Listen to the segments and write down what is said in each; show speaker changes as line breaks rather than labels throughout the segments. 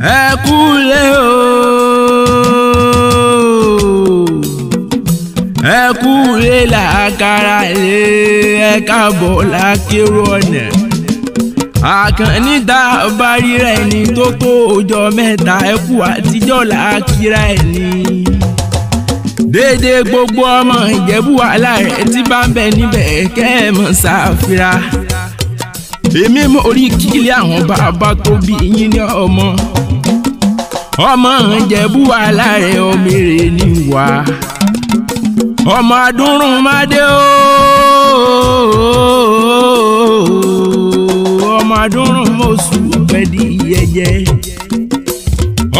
ẹ kúlẹ̀ o ẹ kúlẹ̀ làkàrà lé ẹ káàbọ̀ lákérò ọ̀nà àkànní tá a bá ríra ẹni tó tó ọjọ́ mẹ́ta ẹ kú àtijọ́ làákìrá ẹni dédé gbogbo ọmọ Ìjẹ̀bú wàhálà rẹ̀ tí bá ń bẹ níbẹ̀ kẹ́ ẹ̀ mọ̀ sáfira èmi mú orí kílé àwọn bàbá tó bí yín ní ọmọ ọmọ ìjẹ̀bú aláàrẹ ọmọ èrè ní wá ọmọ adúrún mádé ooo ọmọ adúrún mọ̀sù pẹ̀lú ìyẹ̀jẹ̀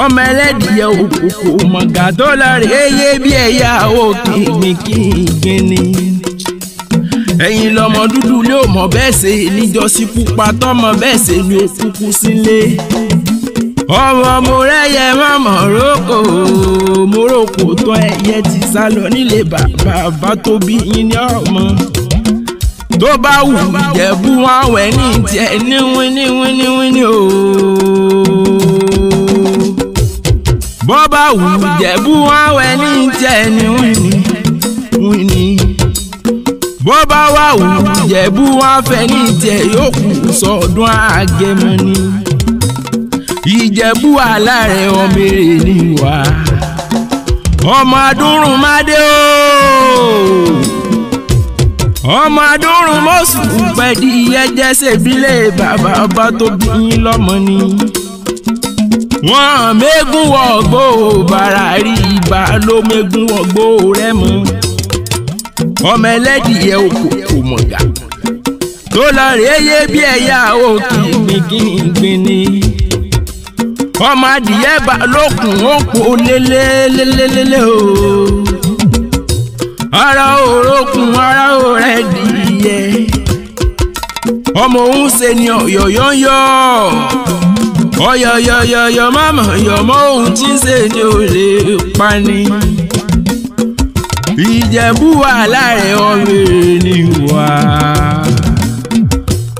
ọmọ ẹlẹ́dìyẹ òkòkò mọ̀gà tó lára eyé bí ẹ̀yà òkè ní kíkíní ẹ̀yin lọ́mọ dúdú lé òmọ bẹ́ẹ̀ ṣe níjọ́sí pupa tọ́mọ bẹ́ẹ̀ ṣe ni ó kúkú sílé. ọmọ mo rẹ́yẹ mọ́mọ́ rókò mo rókò tó ẹyẹ ti sá lọ nílé bàbá bá tó bí yín ní ọmọ tó bá wù jẹ̀bú wọn wẹ̀ ní tiẹ̀ ní wíní wíní wíní ooo bọ́ bá wù jẹ̀bú wọn ní tiẹ̀ ní wù jẹ̀bú wá fẹ́ ní tiẹ̀ yóò kù sọ̀dún àgẹmọ ni ìjẹ̀bú alárẹ̀ ọmọ èrè ni wà ọmọ adúrún mádé ooo ọmọ adúrún mọ́sù pẹ̀lú ẹ̀jẹ̀ ṣèbílẹ̀ bàbá ọba tó bí yín lọ́mọ ni. wọ́n mẹ́gùn wọ̀gbó bàrà rí ibà ló mẹ́gùn wọ̀gbó rẹ̀ mọ́ ọmọ ẹlẹ́dìyẹ oko kò mọ̀gà tó lọ rèé yé bí ẹ̀yà òkè gbìngbìngbìnì ọmọ adìyẹ bá lókun ó kó o ara òrókun ara òrẹ dìyẹ ọmọ òun ṣe ni ọ̀yọ̀yọ̀yọ̀ ọ̀yọ̀yọ̀yọ̀ mọ́mọ́ yọ̀mọ́ òun tí ń ṣe ni ò lè pa ni ìjẹ̀bú wàhálà rẹ̀ ọ̀rẹ́ ni wà.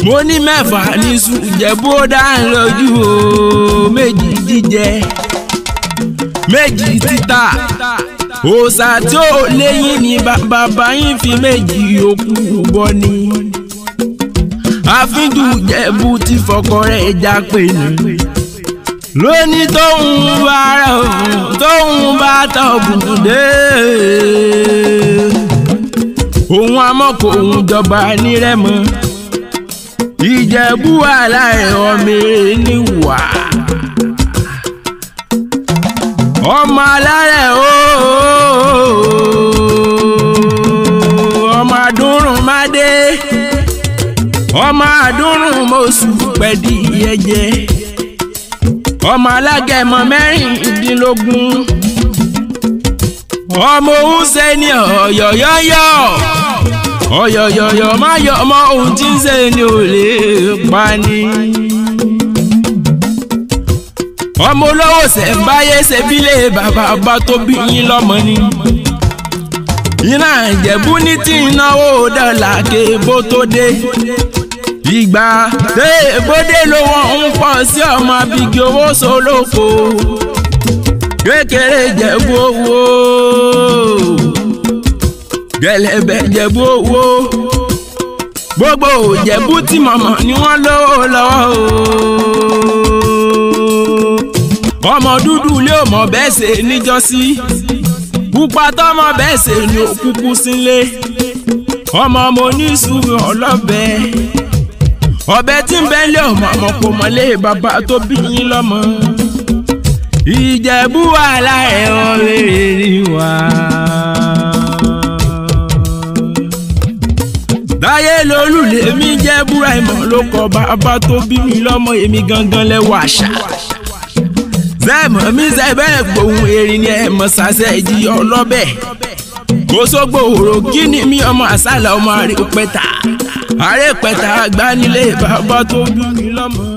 mo ní mẹ́fà ní ìjẹ̀bú ó dá ń lójú o méjì jíjẹ méjì títà òòṣà tí ó léyìn ni bàbá yín fi méjì òkú bọ́ ni àfíndù jẹ̀bú ti fọkọ rẹ̀ já pé ni lóní tóun bá rẹ̀ tóun dé òun amọ́kò òun jọba nírẹ́mọ ìjẹ̀bú aláì ọmọ níwà ọmọ alárẹ̀ o ọmọ adúrún mádé ọmọ adúrún mọ́sù pẹ̀lú ẹ̀jẹ̀ ọmọ alágẹ̀mọ mẹ́rìndínlógún ọmọ òun ṣe ni ọ̀yọ̀yọ̀yọ̀ ọ̀yọ̀yọ̀yọ̀ má yọ ọmọ ohun tí ń ṣe ni ò lè pa ni. ọmọ olówó ṣẹ̀ǹbáyé ṣe bí lè bàbá ọba tó bí yín lọ́mọ ni. iná ìjẹ̀bú ní tí ìnáwó dọ́là kébó tó dé. ìgbà tẹ́ẹ̀bọ́dé ló wọ́n ń pọ̀ sí ọmọ abigi owó sólókò. kékeré jẹ̀bú owó gẹ̀lẹ̀bẹ̀ jẹ̀bú owó gbogbo òjẹ̀bú tí mọ̀mọ́ ni wọ́n lówó lọ́wọ́ o ọmọ dúdú lé ọmọ bẹ́ẹ̀ ṣe níjọ́sí pupa tọmọ bẹ́ẹ̀ ṣe ni ó kúkú sílé ọmọ mo ní sùúrù ọlọ́bẹ̀ ọbẹ̀ tí ń bẹ́ lé ọmọ ọmọ kò mọ̀lé bàbá tó bí yín lọ́mọ ìjẹ̀bú wà láàrin ọ̀rẹ́ rẹ̀ wá. láyé lórúlé èmi jẹ́ búra ìmọ̀ ló kọ bàbá tó bí mi lọ́mọ èmi gangan lẹ́wọ̀ àṣà zẹ́ẹ̀mọ̀ mi zẹ́ẹ̀bẹ́ gbòhùn erin ni ẹ̀mọ̀ sàṣẹ ìjì ọlọ́bẹ̀ gbòsógbò òrò kí ni ọmọ àṣàlà ọmọ bàbá